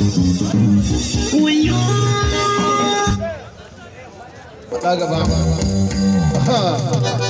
我有。那个吧，哈。